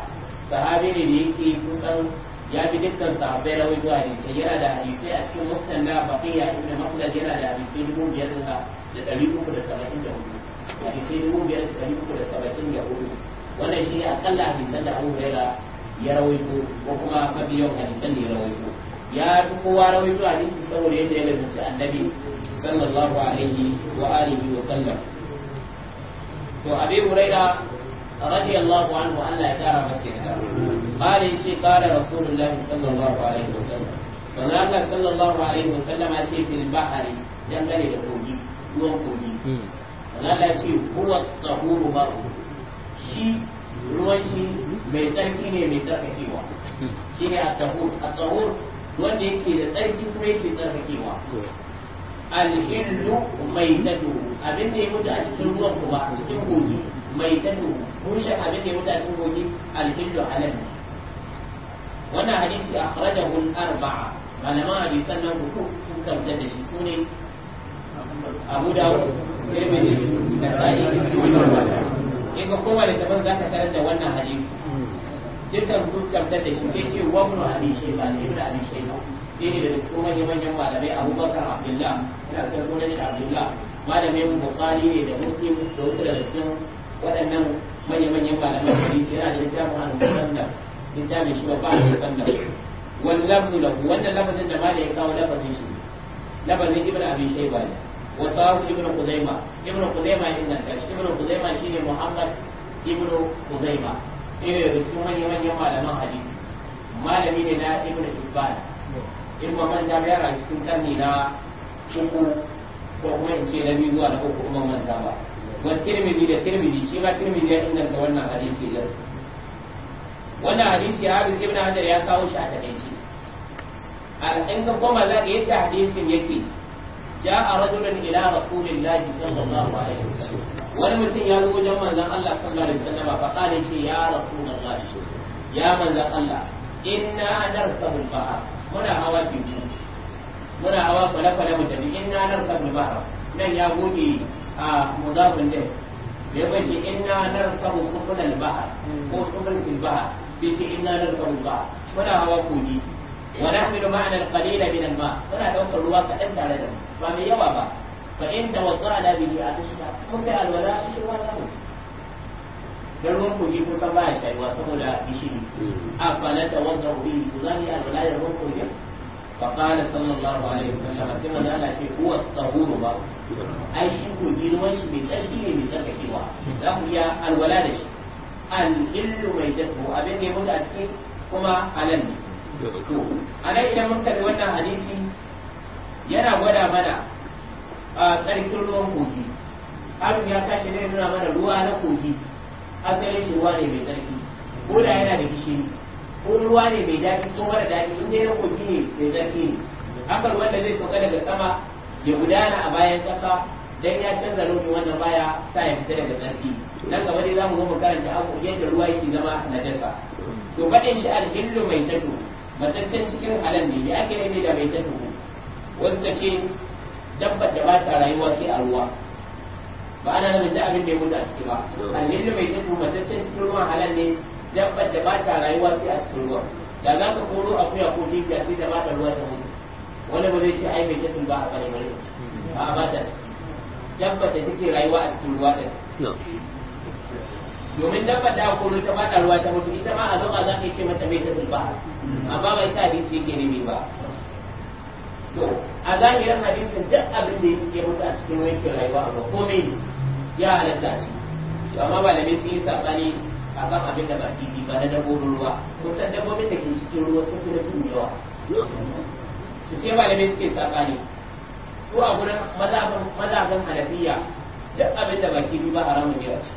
sahabi ne da yake kusan ya fi dukkan sahabbai rawaito hadisai yana da hadisai a cikin mustanda baqiya ibn makhlad yana da hadisai dubu biyar da ɗari uku da saba'in da hudu hadisai dubu biyar da ɗari uku da saba'in da hudu wannan shi ne akalla hadisan da abu huraira ya rawaito ko kuma mafi yawan hadisan da ya ko ya fi kowa rawaito hadisi saboda yadda ya rubuta annabi sallallahu alaihi wa alihi wa sallam to abi huraira رضي الله عنه أن لا يتارى مسجدا قال إن قال رسول الله صلى الله عليه وسلم فذاك صلى الله عليه وسلم أتي في البحر ينقل لكوجي أتي هو الطهور مره شي mai tsarki ne mai ne a a wanda yake da tsarki kuma yake tsarkakewa al'illu mai tado abin da ya mutu a cikin ruwan kuma cikin kogi mai tatu bushe abin da ya mutacin gobe alhillu halal wannan hadisi a rajahun arba'a malaman hadisan nan uku sun kamtar da shi su ne abu dawo da sa'i in ka koma da taban za ka karar da wannan hadisi dukkan sun kamtar da shi sai ce wa mun hadisi ba ne da hadisi ba sai ne da su manyan manyan malamai abubakar abdullah ina karɓo da shi abdullah malamin bukhari ne da muslim da wasu daga cikin waɗannan manya-manyan malaman hadisi yana da littafin al-musannaf littafin shi a al-musannaf wal lafzu lahu wannan lafazin da malai ya kawo lafazin shi lafazin abin shai ba ne wa sahu ibnu qudaima ibnu Kuzaima ya inganta shi ibnu shi shine muhammad ibnu Kuzaima. ɗaya da su manya-manyan malaman hadisi malami ne na ibnu hibban in ba manta ba yara cikin kanni na uku ko kuma in ce na biyu zuwa na uku kuma manta ba wa tirmidhi da tirmidhi shi ma tirmidhi ya inganta wannan hadisi din wannan hadisi Hafiz Ibn Hajar ya kawo shi a takaice a in ka koma za ka yadda hadisin yake ja'a rajulun ila rasulillahi sallallahu alaihi wasallam wani mutum ya zo wajen manzon Allah sallallahu alaihi wasallam fa qala ce ya rasulullahi ya manzon Allah inna narkabu al-bahar muna hawa bibi muna hawa kwale-kwale mu tafi inna narkabu al-bahar nan ya goge a mudafin dai da ya bace inna narkabu subulal bahar ko subulul bahar bai ce inna narkabu bahar muna hawa kogi wa nahmilu ma'ana al-qalila min al-ma Kuna daukar ruwa kadan tare da mu. ba mai yawa ba fa in tawadda'na bihi atashka mun kai alwala a ruwa da mu dan ruwan kogi kusan baya shayuwa saboda gishiri hmm. a fa la tawadda'u bihi ku zani alwala da ruwan kogi فقال صلى الله عليه وسلم كما لا شيء هو الطهور ما اي شيء يقول جيروان شيء من ذلك من ذلك كيوا لكن يا الولادة الحل ميتته أبين يموت أسكين كما علم انا اذا من كان وانا حديثي yana gwada mana a tsarkin ruwan kogi abin ya tashi ne nuna mana ruwa na kogi asalin shi ruwa ne mai tsarki ko da yana da gishiri ko ruwa ne mai daɗi ko mara daɗi in dai na kogi ne mai zafi ne hakan wanda zai sauka daga sama ya gudana a bayan ƙasa dan ya canza launi wanda baya sa ya fita daga zafi nan gaba dai zamu mu karanta abu yadda ruwa yake zama na jasa. to faɗin shi aljillu mai tatu mataccen cikin halan ne ya ake nufi da mai tatu wasu ka ce dabbar da ba ta rayuwa sai a ruwa ba ana nan da abin da ya mutu a ciki ba aljillu mai tatu mataccen cikin ruwan halal ne dabbar da ba ta rayuwa sai a cikin ruwa da za ka koro kuya ko kifiya sai da ba ta ruwa ta mutu wani ba zai ce ai mai kifin ba a bane ba a ba ta dabbar da take rayuwa a cikin ruwa ɗin domin dabbar da koro ta ba ta ruwa ta mutu ita ma a zama a za ka ce mata mai kifin ba amma bai ta abinci yake nemi ba to a zahirin hadisin duk abin da yake mutu a cikin yankin rayuwa ba komai ya halatta ce amma malamai sun yi saɓani a kan abin da ba kifi ba na dabbobin ruwa Ko san dabbobin da ke cikin ruwa sun fi da sun yawa su ce malamai suke tsakani su a gurin mazaban hanafiya duk abin da ba kifi ba haramun yawa ce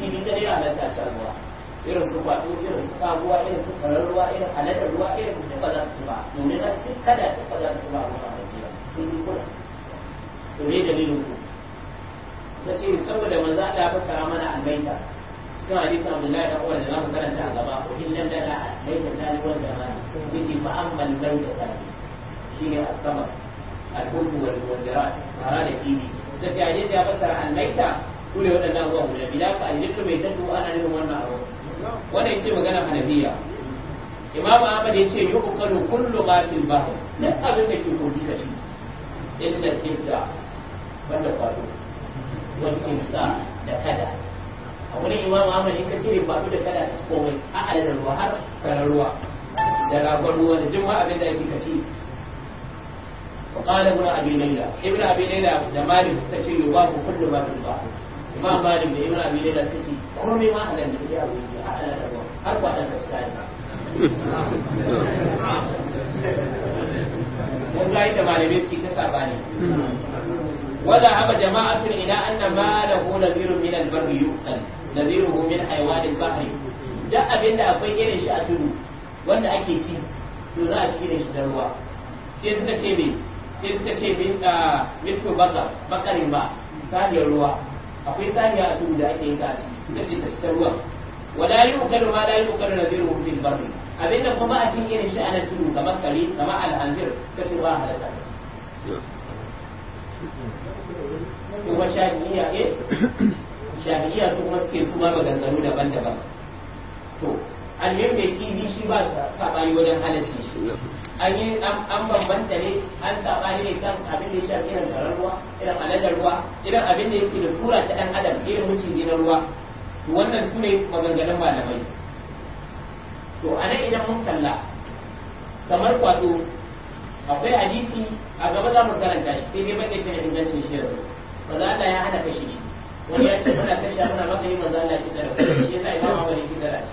kifi ta dai halatta ta ruwa irin su kwato irin su kaguwa irin su karar ruwa irin halatta ruwa irin su ba za su ci ba domin na kada duk ba za su ci ba a gurin hanafiya sun yi kula to ne dalilin ku ta ce saboda maza Allah ya fassara mana albaita kan hadisin abdullahi da kowai da za mu karanta a gaba ko hin hillan da na laifin taliban da rana yake fa an malmai da rana shi ne asama alhubu wal muwazzirat tara da kibi ta ce hadisi ya fassara an laita su ne waɗannan abubuwa guda bila ka alhillu mai tattu ana nufin wannan abu wannan ya ce magana hanafiya imam ahmad ya ce yuqalu kullu ghafil bahr duk abin da ke kogi ka shi illa tibda wanda kwado wal sa da kada a wurin imamu ahmad in ka cire ba da kada komai a adadin ruwa har karar ruwa da ragon ruwa da duk abin da ake ka cire وقال ابن ku ليلى ba ابي ليلى ده da تتي يوافق كل ما في البحر ma a ده ابن ابي ليلى تتي كل ما har النبي على اربع mun ga ita malamai suke ta sabani wala haba jama'atun ila anna ma lahu nadirun min al nadiruhu min haiwanin bahri duk abin da akwai irin shi a tudu wanda ake ci to za a ci irin shi da ruwa sai suka ce me sai suka ce min da mitku baza bakarin ba saniyar ruwa akwai saniya a tudu da ake yin ta ci suka ce ka ci ta ruwa wala yukalu ma la yukalu nadiruhu fil barri abin da kuma a cikin irin shi ana tudu kamar kare kamar al'anzir ta ce ba halatta kuma shafiya eh Shahiyya su kuma suke su ma maganganu daban-daban to yi mai kifi shi ba saɓani wajen halarci shi an yi an bambanta ne an saɓani ne kan abin da ya shafi irin karar ruwa irin aladar ruwa irin abin da yake da tura ta ɗan adam irin mucin na ruwa to wannan su ne maganganun malamai to a nan idan mun kalla kamar kwato akwai hadisi a gaba za mu karanta shi sai dai baƙi ta ingancin shi yanzu ba za Allah ya hana kashe shi wani ya ce suna kashe suna maka yi manzo Allah ci zarafi shi yasa imam Ahmad ya ci zarafi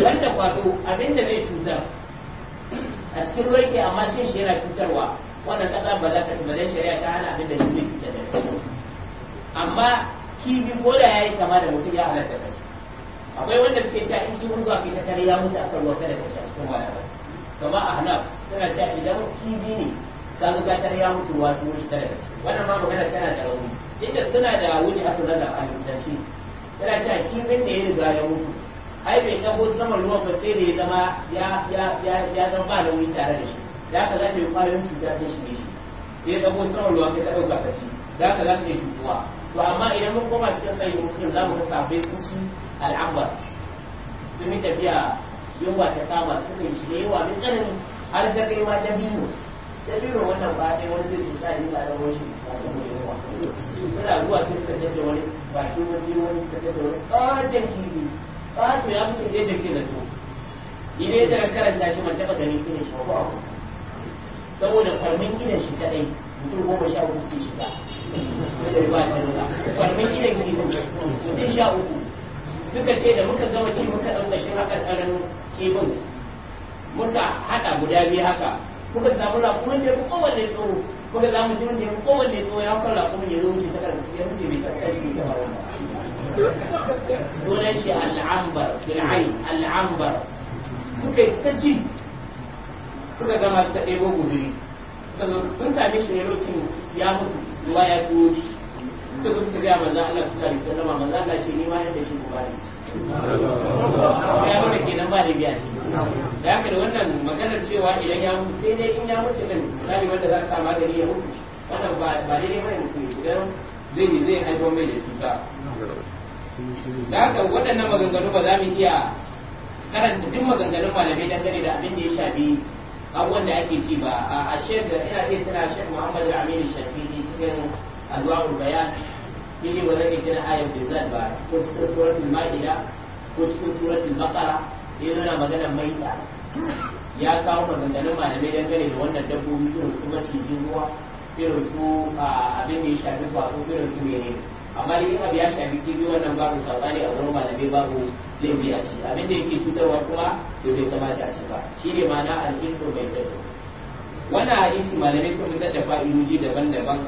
wanda kwato abinda zai cutar a cikin ruwa yake amma cin shi yana cutarwa wannan kaza ba za ka ci ba zai shari'a ta hana abinda shi zai cutar da amma kibi ko da yayi kama da mutum ya halatta ka ci akwai wanda suke cewa in kibin zuwa kai ta kare ya mutu a kan ruwa kada ka ci a cikin wani abu kama a hanaf suna cewa idan kibi ne kaga ka tare ya mutu wato shi kada ka ci wannan ma magana tana da rauni inda suna da wuce a kula da alimanci yana cewa kifin da ya riga ya mutu ai bai kago saman ruwan ba sai da ya zama ya ya ya zama ba da wuce tare da shi da ka za ta yi kwayoyin cuta ta ne shi sai ya kago saman ruwan ka ta ɗauka ta ci da ka za ta yi cutuwa to amma idan mun koma cikin sai muslim za mu ga sabai sun ci al'ambar sun yi tafiya yunwa ta kama suka yi shi ne yawa mai tsanani har ta kai ma biyu. dalilin wannan ba dai wani zai cuta yi na rawar shi ba da mai yawa suna zuwa sun kaje da wani bakin wani wani kaje da wani ƙajen kibi ba to ya fi sun yadda ke da to idan da karanta shi man taɓa ganin irin shi ba saboda farmin irin shi kaɗai mutum goma sha uku ke shiga da ba ta nuna farmin irin kibin mutum sha uku suka ce da muka gama ci muka ɗauka shi haka ƙaramin kibin muka haɗa guda biyu haka kuka samu rakumin da ya fi kowanne tsoro kuka samu jimin da ya fi kowanne tsoro ya kan rakumin ya zo wuce ta kan ya wuce mai tsakari ta hawa sunan shi al'ambar bil'ain al'ambar kuka yi ta ji kuka gama ta ɗebo guduri kuka zo kun same shi ne lokacin ya mutu ruwa ya tuwo shi suka zo suka gaya manzan Allah su tare ta zama manzan Allah ce ni ma da shi bukari ya nuna kenan ba da biya ce da haka da wannan maganar cewa idan ya mutu sai dai in ya mutu din misali wanda za sa magani ya mutu wannan ba ba dai mai mutu idan zai zai haifar mai da cuta da haka waɗannan maganganu ba za mu iya karanta duk maganganun malamai dangane da abin da ya shafi abubuwan da ake ci ba a shek da ina iya tana shek muhammad al-amin shafi cikin anwa'ul bayan shine ba zai kira ayar bizat ba ko cikin suratul ma'ida ko cikin suratul baqara ya zana magana maita ya kawo maganganun malamai dangane da wannan dabbobi irin su macijin ruwa irin su abin da ya shafi ko irin su ne amma da yin abu ya shafi kibi wannan babu saɓani a wurin malamai babu laifi a ci abin da yake cutarwa kuma da bai kamata a ci ba shi ne ma'ana al'into mai daɗo wannan hadisi malamai sun fitar da fa'idoji daban-daban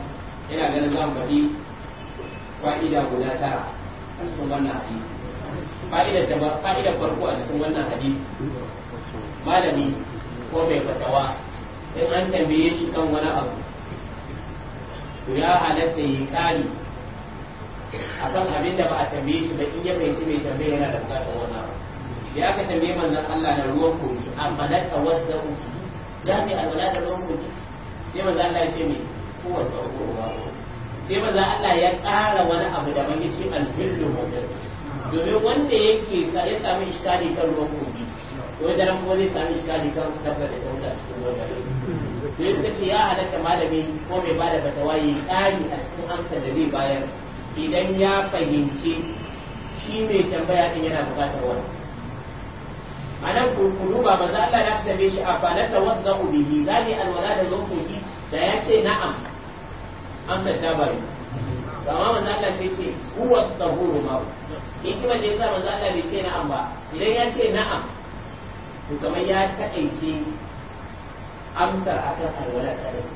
ina ganin za mu faɗi fa'ida guda tara a cikin wannan hadisi fa'idar da farko a cikin wannan hadisi malami ko mai fatawa in an tambaye shi kan wani abu to ya halatta yi kari a kan abin da ba a tambaye shi ba in ya fahimci mai tambaye yana da bukatar wani abu da ya ka tambaye manzon Allah da ruwan kogi amma na tawadda za mu yi a da ruwan kogi sai manzon Allah ya ce mai kowace kowa sai maza Allah ya ƙara wani abu da mai ce alfillu mu'min domin wanda yake ya sami ishtari kan ruwan kogi to ya daren kuma zai sami ishtari kan dabba da dauka cikin ruwan dare to yadda ce ya halatta malami ko mai bada fatawa ya ƙari a cikin amsar da zai bayar idan ya fahimci shi mai tambaya din yana buƙatar wani a nan kurkuru ba maza Allah ya tambaye shi a fanar da wasu bihi za ne alwala da zo kogi da ya ce na'am an ta bari ba ma manzo Allah sai ce huwa tahuru ma hikimar da yasa manzo Allah bai ce na'am ba idan ya ce na'am to kamar ya taɗaice amsar akan alwala kadai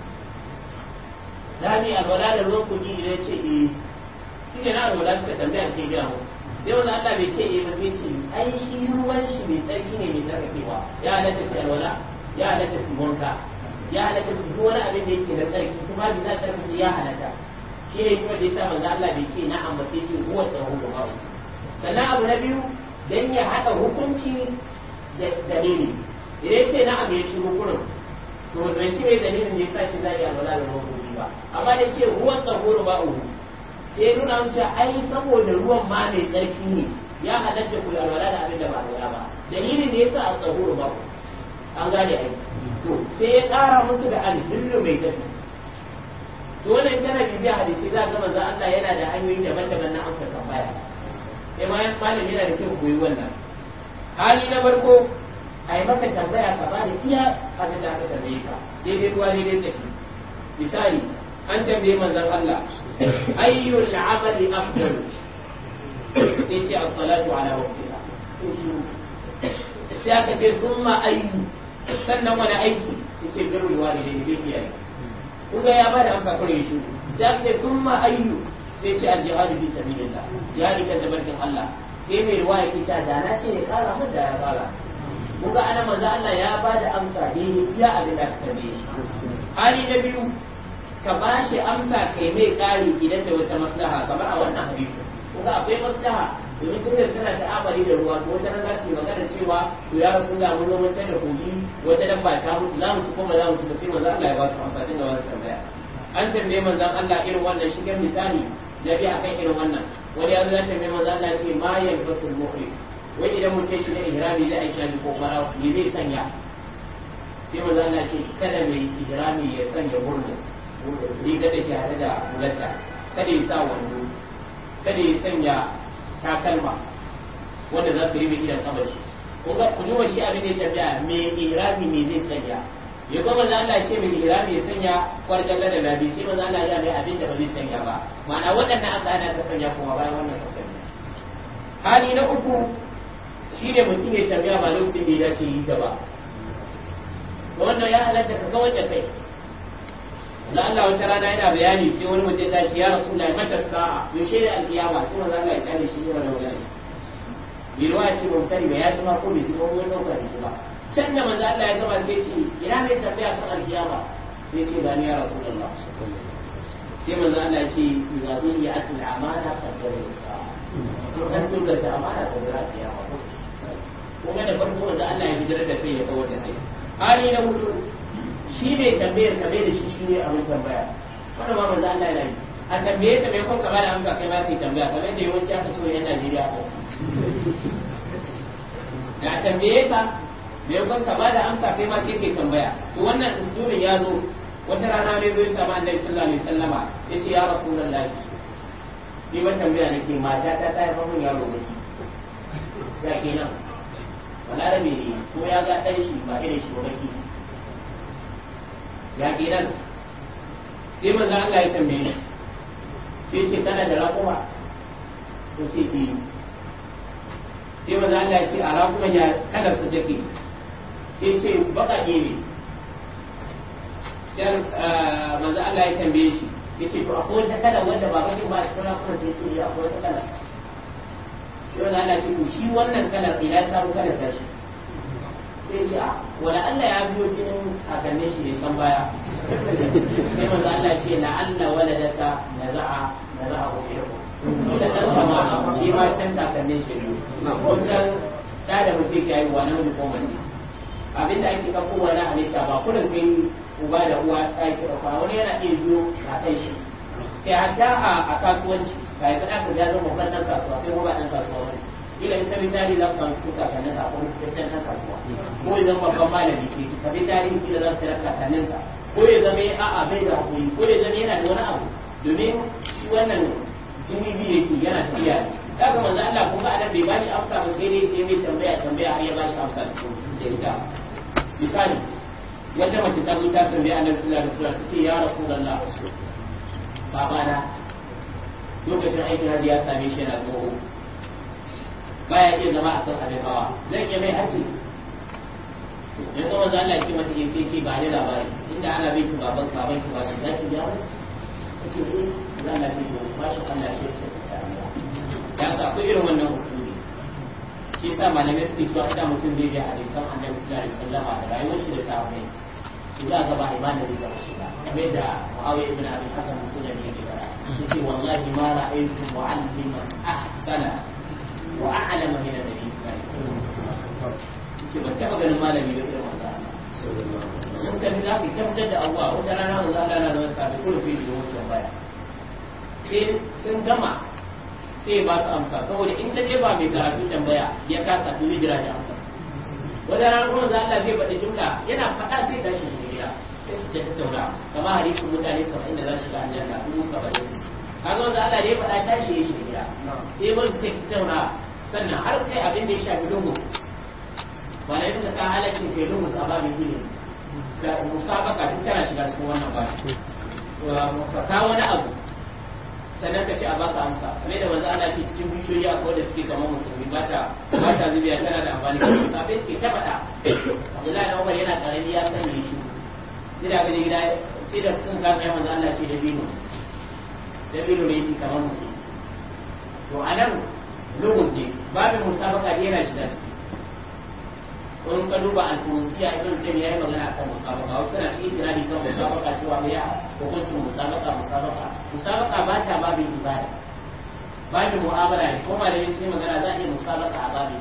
dani alwala da ruwan kuɗi idan ya ce eh ne na alwala suka tambaya ke gina musu sai wanda Allah bai ce eh ba sai ce ai shi ruwan shi mai tsarki ne mai tsarkakewa ya halatta fi alwala ya halatta fi wanka ya halatta su ko wani abin da yake na tsarki kuma bi za tsarki ya halatta shi ne kuma da ya sa manzo Allah bai ce na amma sai ce huwa tsarhu ba sannan abu na biyu dan ya haɗa hukunci da dalili idan ce na amma ya shigo kurin to zance mai dalilin da sa shi za a iya bala da mabuɗi ba amma da ce ruwan tsahoro ba uku sai nuna ce ai saboda ruwan ma mai tsarki ne ya halatta ku lura da abin da ba alwala ba dalilin ya yasa a tsaro ba uku an gane a to sai ya kara musu da alhillu mai tafi to wannan kana da hadisi za ga manzo Allah yana da hanyoyi daban-daban na amsa tambaya, sai ma malami yana da kyau koyi wannan hali na farko ai maka tambaya ka bari iya abin da aka tambaye ka daidai ruwa daidai tafi misali an tambaye manzon Allah ayyul amali afdal sai ce as-salatu ala waqtiha sai aka ce summa ayyu sannan wani aiki ya ce birrul ne bin iyaye kuga ya da amsa kure shi da sai sun ma ayyu sai ce al-jihadu fi sabilillah ya da tabarkin Allah sai mai ruwa ya kita da na ce ne kara mun da ya kara kuga ana manzo Allah ya bada amsa dai iya abin da ka tambaye shi hali na biyu ka ba shi amsa kai mai kari idan da wata maslaha kamar a wannan hadisi kuga akwai maslaha domin tun da suna ta'amari da ruwa to wata za su yi magana cewa to ya rasu da mun zama da kogi wata dabba ta mutu za mu ci kuma za mu ci ba sai manzon Allah ya ba su amsa da wani tambaya an tambaye manzon Allah irin wannan shigar misali da bi akan irin wannan wani ya zo ya tambaye manzon Allah ce ma yalbasul muhrim wai idan mutum shi da ihrami da ake yi ko fara me zai sanya sai manzon Allah ya ce kada mai ihrami ya sanya burnis riga da ke hare da mulatta kada ya sa wando kada ya sanya takalma wanda za su ribe idan kamar shi kun ga kun yi shi abin da ya tafiya mai ihrami ne zai sanya ya kuma manzo Allah ce mai ihrami ya sanya kwarjalla da labi sai ba Allah ya mai abin da ba zai sanya ba ma'ana waɗannan aka ana ta sanya kuma bayan wannan ta sanya hali na uku shine mutum ya tafiya ba lokacin da ya dace yi ta ba wannan ya halatta ka kawar da kai da Allah wata rana yana bayani sai wani mutum ya ce ya rasulullahi mata sa'a mun shaida alkiyama shi ce ya ko wani ba can da manzo Allah ya sai ce ina kan alkiyama sai ce da ni ya sai manzo Allah ya ce bi atil amana qaddara sa'a amana kuma da farko Allah ya da kai ya kawo da kai hali na hudu shi ne tambayar ka da shi shi ne abin tambaya wanda ma manzo Allah yana yi a tambaye ta mai kon ka da amsa kai ma sai tambaya kamar da yawanci aka ce yan Najeriya ko da tambaye ka mai kon ka da amsa kai ma sai kai tambaya to wannan usulin ya zo wata rana ne zai samu annabi sallallahu alaihi wasallama yace ya rasulullahi ni ba tambaya nake mata ta ta haifa mun yaro ne ya kenan wala da me ko ya ga dan shi ba irin shi ba baki ya kenan sai manzo Allah ya tambaye shi sai ce kana da raƙuma ko ce ki eh. sai manzo Allah ya ce a raƙuma ya kada su take sai ce baka ne yar ah, manzo Allah ya tambaye shi yace to akwai wata kala wanda ba bakin ba shi kuma kuma sai ce eh, akwai wata kala shi wannan Allah ce shi wannan kala ina samu kala ta shi sai ce a ah, wala Allah ya biyo cikin kakannin shi ne can baya sai manzo Allah ce la Allah waladaka naza'a naza'a ko yau dole dan sama shi ma can kakannin shi ne ko da da mutum ya yi wannan koma abin Abinda ake kafo wani halitta ba kullum kai uba da uwa ta ki ba wani yana iya biyo a kai shi kai hatta a kasuwanci kai ka da ka zama babban dan kasuwa sai mu ba dan kasuwa wani kila ita ka bi tarihi za su samu suka kanin da ko fitaccen ɗan kasuwa ko ya zama babban malami ce ta bi tarihi kila za su ta kakannin ka ko ya zama a'a bai da hakuri ko ya zama yana da wani abu domin shi wannan jini biyu yake yana tafiya kaga manzo Allah ba anan bai bashi amsa ba sai dai sai mai tambaya tambaya har ya bashi amsa da ita misali wata mace ta zo ta tambaya Annabi sallallahu alaihi wasallam ce ya Rasulullah babana lokacin aikin hajji ya same shi yana tsoho baya iya zama a sauka da kawa zan iya mai haji ya zama za a ce mata yin sai ce ba ni labari inda ana bin ki baban baban ki ba shi za ki biya gyara ce ne eh, za a ce ba shi Allah ce ce ta ya ka akwai irin wannan usuli shi yasa malamai suke cewa ta mutum zai biya a hadisan annabi sallallahu da wasallam da rayuwar shi da sahabbai za ka ba imanin da zama shi ba kame da muawiya ibn abi ne ke gara fara ce wallahi ma ra'aytu Ah ahsana wa a'lam min annabi ce ba taɓa ganin malami da irin wanda in ka za ka tabbatar da abuwa wata rana wanda Allah na zama sabi kuma fi da wasu baya sai sun gama sai ba su amsa saboda in ta ba mai karatu tambaya ya kasa to zai amsa wata rana kuma Allah zai faɗi yana faɗa sai tashi shi gida sai su tafi tauna kamar hadisin mutane saba'in da za su ga aljanna dubu Allah ya faɗa tashi ya shi ba su tafi sannan har kai abin da ya shafi lungu ba na yadda ta halaccin ke lungu a babin gini da musabaka duk tana shiga cikin wannan ba ka ta wani abu sannan ka ce a baka amsa kamar da wanzu ana ce cikin bishiyoyi akwai da suke kamar musulmi ba ta ba ta zubiya tana da amfani da ta kafin suke ta faɗa abdullahi na umar yana karami ya sani ya shi sai da gani gida sai da sun kama yawan wanzu ce da bino da bino ne kamar musulmi to a nan lugun ne babin musabaka ne yana shiga ciki wani ka duba alfurusiya ibn tayyib yayi magana akan musabaka wasu na cikin jirani kan musabaka cewa me ya hukuncin musabaka musabaka musabaka ba ta babin ibada babin mu'amala ne kuma da yake magana za a yi musabaka a babin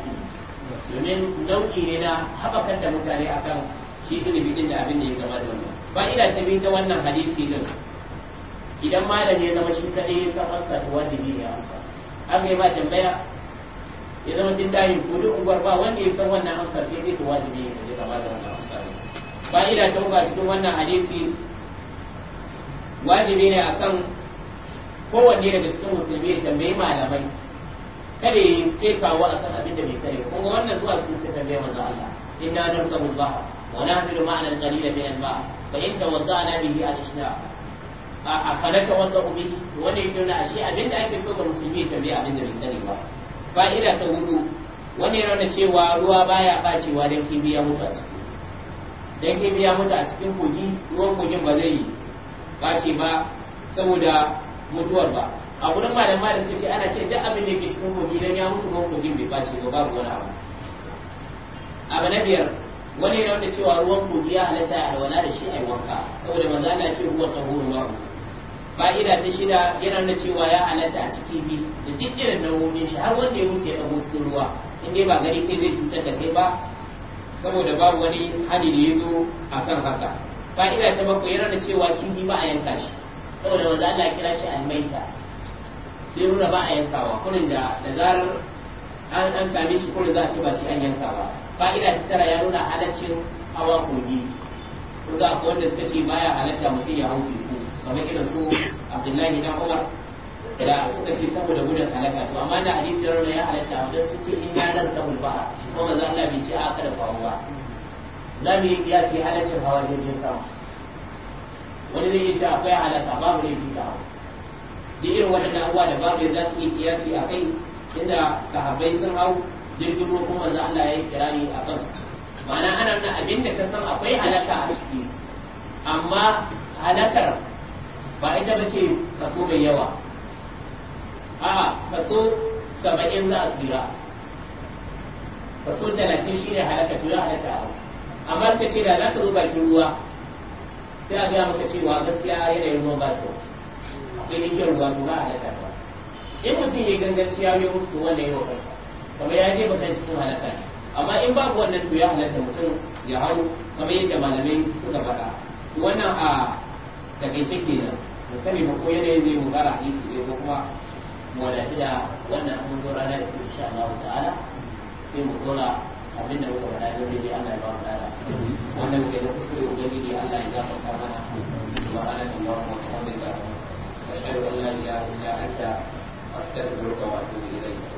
domin nau'i ne na habakar da mutane akan shi ilimi din da abin da ya gaba da wannan fa'ida ta biyu ta wannan hadisi din idan malami ya zama shi kadai ya san fassara wajibi ya amsa an yi ma tambaya ya zama jin dayin ko duk unguwar ba wanda ya san wannan amsa sai dai to wajibi ne ya zama da wannan amsa Ba fa'ida ta ba cikin wannan hadisi wajibi ne akan kowanne daga cikin musulmi ya tambayi malamai kada ya kekawa akan abin da bai sani ba kuma wannan zuwa cikin ta tambaye manzo Allah inna narkabu al-bahr wa nahmilu ma'na al-qalila min al ba fa in tawadda'na bihi al-ishnaq a falaka wanda ubi wanda ya nuna ashe abinda ake so ga musulmi ya tambaye abin da bai sani ba fa'ida ta hudu wanda ya nuna cewa ruwa baya bacewa don kibi ya mutu a ciki don kibi ya mutu a cikin kogi ruwan kogin ba zai bace ba saboda mutuwar ba a gurin malam malam ta ce ana ce duk abin da ke cikin kogi don ya mutu ruwan kogin bai bace ba babu wani abu abu na biyar wani ne wanda cewa ruwan kogi ya halatta a alwala da shi a yi wanka saboda manzo Allah ce ruwan tahuru ba. fa'ida ta shida yana na cewa ya halatta a ciki bi da duk irin nauyin shi har wanda ya mutu ya cikin ruwa in dai ba gari kai zai cutar da kai ba saboda babu wani hali da ya zo a kan haka fa'ida ta bakwai yana na cewa kifi ba a yanka shi saboda wanda Allah ya kira shi almaita sai nuna ba a yankawa kurin da da zarar an an same shi kurin za a ce ba ci an yanka ba fa'ida ta tara ya nuna halaccin hawa kogi kun ga wanda suka ce baya halatta mutum ya hau kamar irin su abdullahi na umar da suka ce saboda gudun halaka to amma da hadisi rauna ya halatta wajen su ce in ya nan sabul ba ko manzo Allah bai ce a kada faru ba za mu yi ya ce halaccin hawa jirgin sama wani zai ce akwai halaka babu ne duka da irin na abubuwa da babu za su yi kiyasi a kai inda sahabbai sun hau jirgin ruwa kuma za Allah ya yi kirari a kansu ma'ana ana nan abinda ta san akwai halaka a ciki amma halakar ba ita ba ce kaso mai yawa a kaso saba'in za a tsira kaso talatin shi ne halaka tura halaka hau amma ka ce da za ka zo bakin ruwa sai a gaya maka cewa gaskiya yanayin ruwan ba akwai igiyar ruwa to ba halaka ba in mutum ya ganganci ya mai mutu wanda ya wakar kamar ya je bakan cikin halaka amma in babu wannan to ya halatta mutum ya hau kamar yadda malamai suka faɗa wannan a takaice kenan mu sani mu ko yanayin zai mu gara hadisi ɗaya ko kuma mu wadatu da wannan abin zo rana da su sha Allah ta'ala sai mu dora abin da muka wada don ne Allah ya ba mu dala wannan ke da kuskure ubangiji Allah ya gafarta mana subhanallahi Allahumma wa bihamdika ashhadu an la ilaha illa anta astaghfiruka wa atubu ilayk